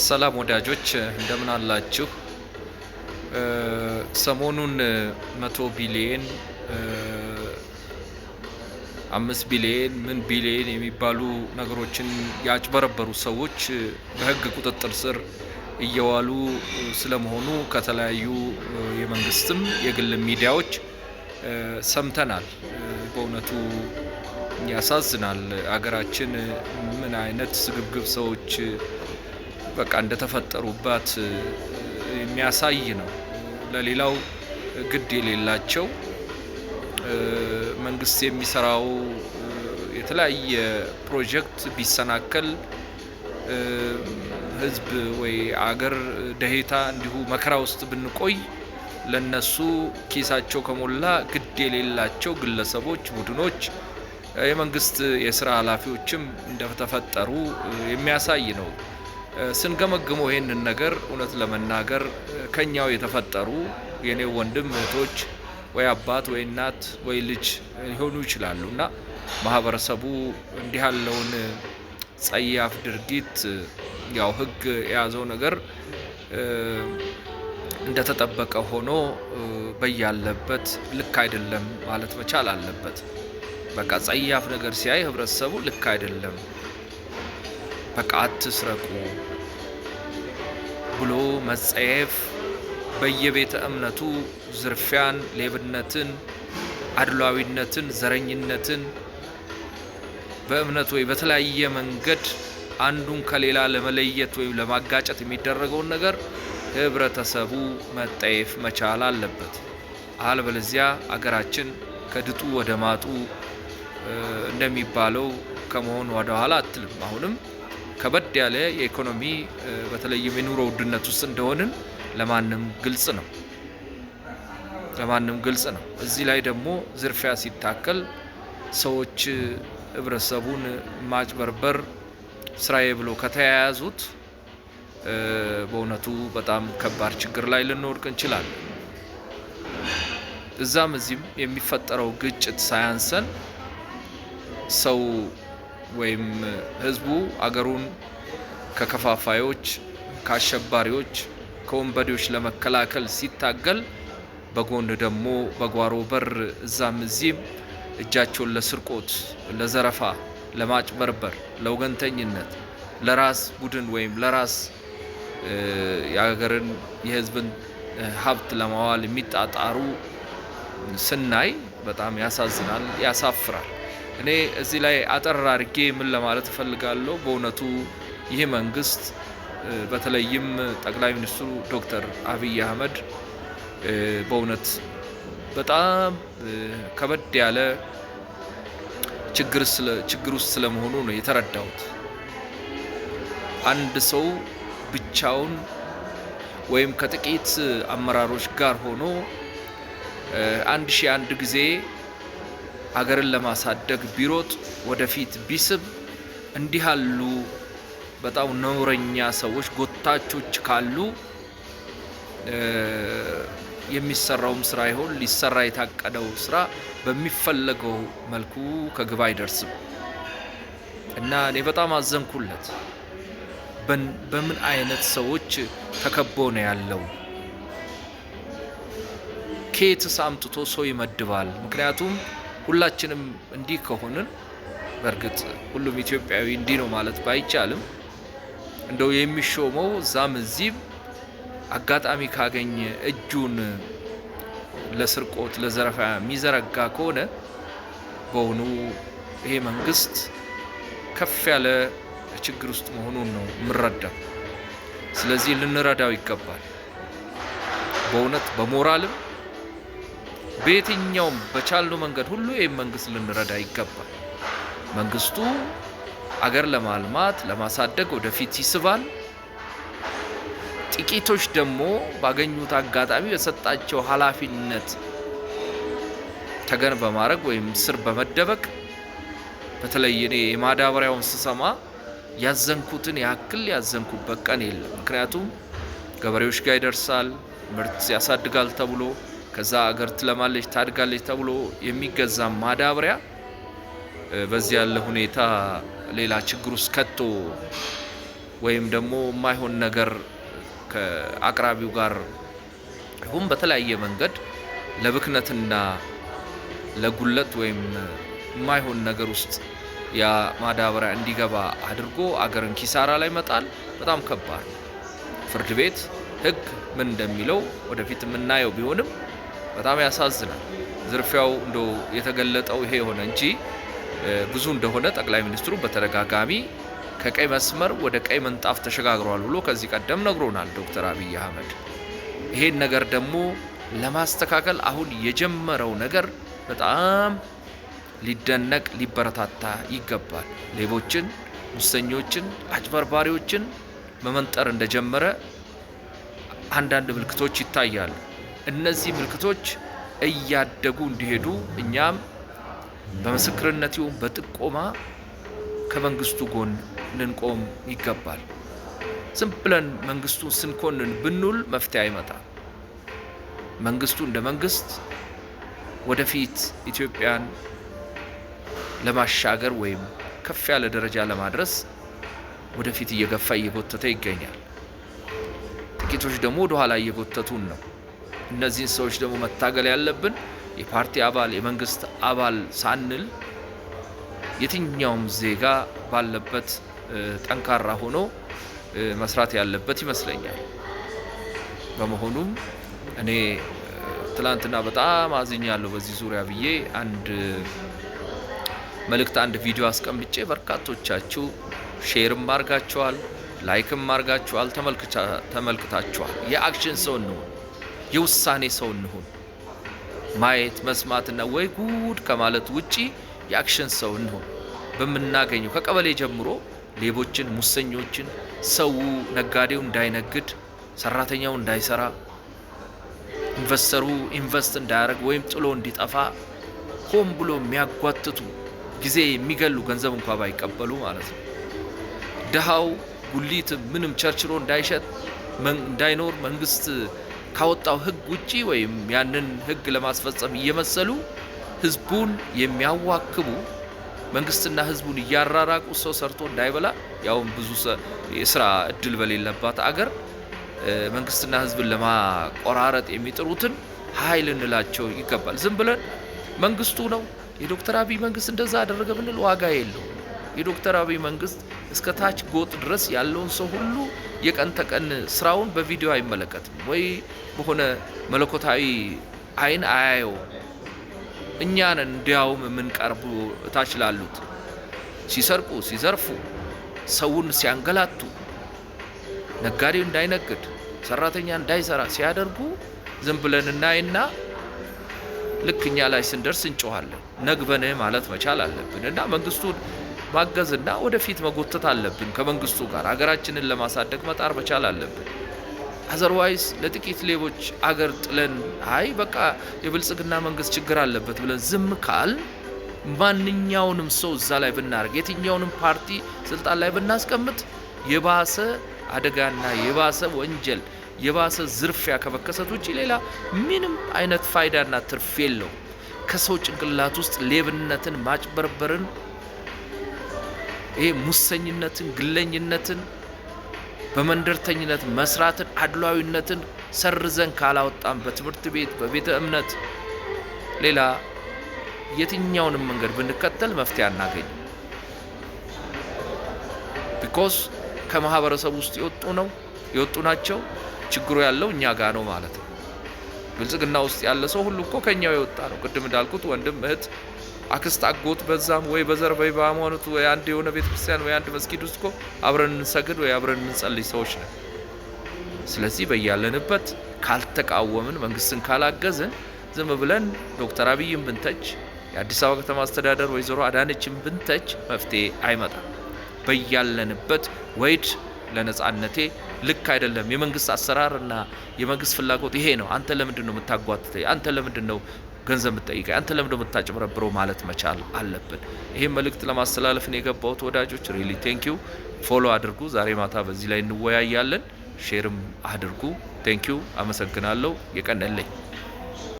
ሰላም ወዳጆች እንደምን አላችሁ? ሰሞኑን መቶ ቢሊየን አምስት ቢሊየን ምን ቢሊየን የሚባሉ ነገሮችን ያጭበረበሩ ሰዎች በህግ ቁጥጥር ስር እየዋሉ ስለመሆኑ ከተለያዩ የመንግስትም የግል ሚዲያዎች ሰምተናል። በእውነቱ ያሳዝናል። አገራችን ምን አይነት ስግብግብ ሰዎች በቃ እንደተፈጠሩባት የሚያሳይ ነው። ለሌላው ግድ የሌላቸው መንግስት የሚሰራው የተለያየ ፕሮጀክት ቢሰናከል ህዝብ ወይ አገር ደሄታ እንዲሁ መከራ ውስጥ ብንቆይ ለነሱ ኪሳቸው ከሞላ ግድ የሌላቸው ግለሰቦች፣ ቡድኖች፣ የመንግስት የስራ ኃላፊዎችም እንደተፈጠሩ የሚያሳይ ነው። ስንገመግመው ይህንን ነገር እውነት ለመናገር ከኛው የተፈጠሩ የኔ ወንድም እህቶች ወይ አባት ወይ እናት ወይ ልጅ ሊሆኑ ይችላሉ እና ማህበረሰቡ እንዲህ ያለውን ጸያፍ ድርጊት ያው ህግ የያዘው ነገር እንደተጠበቀ ሆኖ በያለበት ልክ አይደለም ማለት መቻል አለበት። በቃ ጸያፍ ነገር ሲያይ ህብረተሰቡ ልክ አይደለም፣ በቃ አትስረቁ ብሎ መጸየፍ፣ በየቤተ እምነቱ ዝርፊያን፣ ሌብነትን፣ አድሏዊነትን፣ ዘረኝነትን በእምነት ወይ በተለያየ መንገድ አንዱን ከሌላ ለመለየት ወይም ለማጋጨት የሚደረገውን ነገር ህብረተሰቡ መጠየፍ መቻል አለበት። በለዚያ አገራችን ከድጡ ወደ ማጡ እንደሚባለው ከመሆን ወደ ኋላ አትልም። አሁንም ከበድ ያለ የኢኮኖሚ በተለይም የኑሮ ውድነት ውስጥ እንደሆንን ለማንም ግልጽ ነው ለማንም ግልጽ ነው። እዚህ ላይ ደግሞ ዝርፊያ ሲታከል ሰዎች ህብረተሰቡን ማጭበርበር ስራዬ ብሎ ከተያያዙት በእውነቱ በጣም ከባድ ችግር ላይ ልንወድቅ እንችላለን። እዛም እዚህም የሚፈጠረው ግጭት ሳያንሰን ሰው ወይም ህዝቡ አገሩን ከከፋፋዮች፣ ከአሸባሪዎች፣ ከወንበዴዎች ለመከላከል ሲታገል በጎን ደግሞ በጓሮ በር እዛም እዚህም እጃቸውን ለስርቆት፣ ለዘረፋ፣ ለማጭበርበር፣ ለወገንተኝነት፣ ለራስ ቡድን ወይም ለራስ የሀገርን የህዝብን ሀብት ለማዋል የሚጣጣሩ ስናይ በጣም ያሳዝናል፣ ያሳፍራል። እኔ እዚህ ላይ አጠር አድርጌ ምን ለማለት እፈልጋለሁ፣ በእውነቱ ይህ መንግስት በተለይም ጠቅላይ ሚኒስትሩ ዶክተር አብይ አህመድ በእውነት በጣም ከበድ ያለ ችግር ውስጥ ስለመሆኑ ነው የተረዳሁት። አንድ ሰው ብቻውን ወይም ከጥቂት አመራሮች ጋር ሆኖ አንድ ሺህ አንድ ጊዜ አገርን ለማሳደግ ቢሮጥ ወደፊት ቢስብ እንዲህ ያሉ በጣም ነውረኛ ሰዎች ጎታቾች ካሉ የሚሰራውም ስራ ይሆን ሊሰራ የታቀደው ስራ በሚፈለገው መልኩ ከግብ አይደርስም እና እኔ በጣም አዘንኩለት። በምን አይነት ሰዎች ተከቦ ነው ያለው? ከየትስ አምጥቶ ሰው ይመድባል? ምክንያቱም ሁላችንም እንዲህ ከሆንን በእርግጥ ሁሉም ኢትዮጵያዊ እንዲህ ነው ማለት ባይቻልም እንደው የሚሾመው እዛም እዚህም አጋጣሚ ካገኘ እጁን ለስርቆት ለዘረፋ የሚዘረጋ ከሆነ በውኑ ይሄ መንግስት ከፍ ያለ ችግር ውስጥ መሆኑን ነው የምንረዳው። ስለዚህ ልንረዳው ይገባል በእውነት በሞራልም በየትኛውም በቻሉ መንገድ ሁሉ ይህም መንግስት ልንረዳ ይገባል። መንግስቱ አገር ለማልማት ለማሳደግ ወደፊት ይስባል። ጥቂቶች ደግሞ ባገኙት አጋጣሚ በሰጣቸው ኃላፊነት ተገን በማድረግ ወይም ስር በመደበቅ በተለይ እኔ የማዳበሪያውን ስሰማ ያዘንኩትን ያክል ያዘንኩበት ቀን የለም። ምክንያቱም ገበሬዎች ጋር ይደርሳል፣ ምርት ያሳድጋል ተብሎ ከዛ አገር ትለማለች ታድጋለች ተብሎ የሚገዛ ማዳበሪያ በዚህ ያለ ሁኔታ ሌላ ችግር ውስጥ ከቶ ወይም ደግሞ የማይሆን ነገር ከአቅራቢው ጋር ይሁን በተለያየ መንገድ ለብክነትና ለጉለት ወይም የማይሆን ነገር ውስጥ ያ ማዳበሪያ እንዲገባ አድርጎ አገርን ኪሳራ ላይ መጣል በጣም ከባድ። ፍርድ ቤት ህግ ምን እንደሚለው ወደፊት የምናየው ቢሆንም በጣም ያሳዝናል። ዝርፊያው እንደ የተገለጠው ይሄ የሆነ እንጂ ብዙ እንደሆነ ጠቅላይ ሚኒስትሩ በተደጋጋሚ ከቀይ መስመር ወደ ቀይ ምንጣፍ ተሸጋግሯል ብሎ ከዚህ ቀደም ነግሮናል ዶክተር አብይ አህመድ። ይሄን ነገር ደግሞ ለማስተካከል አሁን የጀመረው ነገር በጣም ሊደነቅ ሊበረታታ ይገባል። ሌቦችን፣ ሙሰኞችን፣ አጭበርባሪዎችን መመንጠር እንደጀመረ አንዳንድ ምልክቶች ይታያሉ። እነዚህ ምልክቶች እያደጉ እንዲሄዱ እኛም በምስክርነት ይሁን በጥቆማ ከመንግስቱ ጎን ልንቆም ይገባል። ዝም ብለን መንግስቱን ስንኮንን ብንውል መፍትሄ አይመጣም። መንግስቱ እንደ መንግስት ወደፊት ኢትዮጵያን ለማሻገር ወይም ከፍ ያለ ደረጃ ለማድረስ ወደፊት እየገፋ እየጎተተ ይገኛል። ጥቂቶች ደግሞ ወደኋላ እየጎተቱን ነው። እነዚህን ሰዎች ደግሞ መታገል ያለብን የፓርቲ አባል የመንግስት አባል ሳንል የትኛውም ዜጋ ባለበት ጠንካራ ሆኖ መስራት ያለበት ይመስለኛል። በመሆኑም እኔ ትላንትና በጣም አዝኛለሁ በዚህ ዙሪያ ብዬ አንድ መልእክት አንድ ቪዲዮ አስቀምጬ በርካቶቻችሁ ሼርም አርጋችኋል፣ ላይክም አርጋችኋል፣ ተመልክታችኋል። የአክሽን ሰው ነው። የውሳኔ ሰው እንሁን። ማየት መስማትና ወይ ጉድ ከማለት ውጪ የአክሽን ሰው እንሁን። በምናገኘው ከቀበሌ ጀምሮ ሌቦችን፣ ሙሰኞችን፣ ሰው ነጋዴው እንዳይነግድ፣ ሰራተኛው እንዳይሰራ፣ ኢንቨስተሩ ኢንቨስት እንዳያደርግ ወይም ጥሎ እንዲጠፋ ሆን ብሎ የሚያጓትቱ ጊዜ የሚገሉ ገንዘብ እንኳ ባይቀበሉ ማለት ነው። ድሃው ጉሊት ምንም ቸርችሮ እንዳይሸጥ እንዳይኖር መንግስት ካወጣው ህግ ውጪ ወይም ያንን ህግ ለማስፈጸም እየመሰሉ ህዝቡን የሚያዋክቡ መንግስትና ህዝቡን እያራራቁ ሰው ሰርቶ እንዳይበላ ያውም ብዙ የስራ እድል በሌለባት አገር መንግስትና ህዝብን ለማቆራረጥ የሚጥሩትን ሀይል እንላቸው ይገባል። ዝም ብለን መንግስቱ ነው የዶክተር አብይ መንግስት እንደዛ አደረገ ብንል ዋጋ የለው። የዶክተር አብይ መንግስት እስከ ታች ጎጥ ድረስ ያለውን ሰው ሁሉ የቀን ተቀን ስራውን በቪዲዮ አይመለከትም ወይ በሆነ መለኮታዊ አይን አያየው። እኛን እንዲያውም የምንቀርቡ እታች ላሉት ሲሰርቁ፣ ሲዘርፉ፣ ሰውን ሲያንገላቱ፣ ነጋዴው እንዳይነግድ፣ ሰራተኛ እንዳይሰራ ሲያደርጉ ዝም ብለን እናይና ልክ እኛ ላይ ስንደርስ እንጮኋለን። ነግበን ማለት መቻል አለብን እና መንግስቱን ማገዝና ወደፊት መጎተት አለብን። ከመንግስቱ ጋር ሀገራችንን ለማሳደግ መጣር መቻል አለብን። አዘርዋይስ ለጥቂት ሌቦች አገር ጥለን አይ በቃ የብልጽግና መንግስት ችግር አለበት ብለን ዝም ካል ማንኛውንም ሰው እዛ ላይ ብናደርግ የትኛውንም ፓርቲ ስልጣን ላይ ብናስቀምጥ የባሰ አደጋና የባሰ ወንጀል የባሰ ዝርፊያ ከመከሰት ውጭ ሌላ ምንም አይነት ፋይዳና ትርፍ የለው። ከሰው ጭንቅላት ውስጥ ሌብነትን ማጭበርበርን ይሄ ሙሰኝነትን፣ ግለኝነትን፣ በመንደርተኝነት መስራትን፣ አድሏዊነትን ሰርዘን ካላወጣን በትምህርት ቤት፣ በቤተ እምነት፣ ሌላ የትኛውንም መንገድ ብንከተል መፍትሄ አናገኝ። ቢኮስ ከማህበረሰብ ውስጥ የወጡ ነው የወጡ ናቸው። ችግሩ ያለው እኛ ጋ ነው ማለት ነው። ብልጽግና ውስጥ ያለ ሰው ሁሉ እኮ ከኛው የወጣ ነው። ቅድም እንዳልኩት ወንድም እህት አክስት፣ አጎት በዛም ወይ በዘር ወይ በሃይማኖት ወይ አንድ የሆነ ቤተ ክርስቲያን ወይ አንድ መስጊድ ውስጥ እኮ አብረን እንሰግድ ወይ አብረን እንጸልይ ሰዎች ነን። ስለዚህ በያለንበት ካልተቃወምን፣ መንግስትን ካላገዝን ዝም ብለን ዶክተር አብይም ብንተች የአዲስ አበባ ከተማ አስተዳደር ወይዘሮ አዳነችን ብንተች መፍትሄ አይመጣም። በያለንበት ወይድ ለነጻነቴ ልክ አይደለም፣ የመንግስት አሰራርና የመንግስት ፍላጎት ይሄ ነው፣ አንተ ለምንድን ነው የምታጓትተኝ? አንተ ለምንድን ነው ገንዘብ የምትጠይቀኝ አንተ ለምደ የምታጭበረብረው ማለት መቻል አለብን። ይህም መልእክት ለማስተላለፍ ነው የገባሁት። ወዳጆች ሪሊ ዩ ፎሎ አድርጉ። ዛሬ ማታ በዚህ ላይ እንወያያለን። ሼርም አድርጉ። ዩ አመሰግናለሁ። የቀነለኝ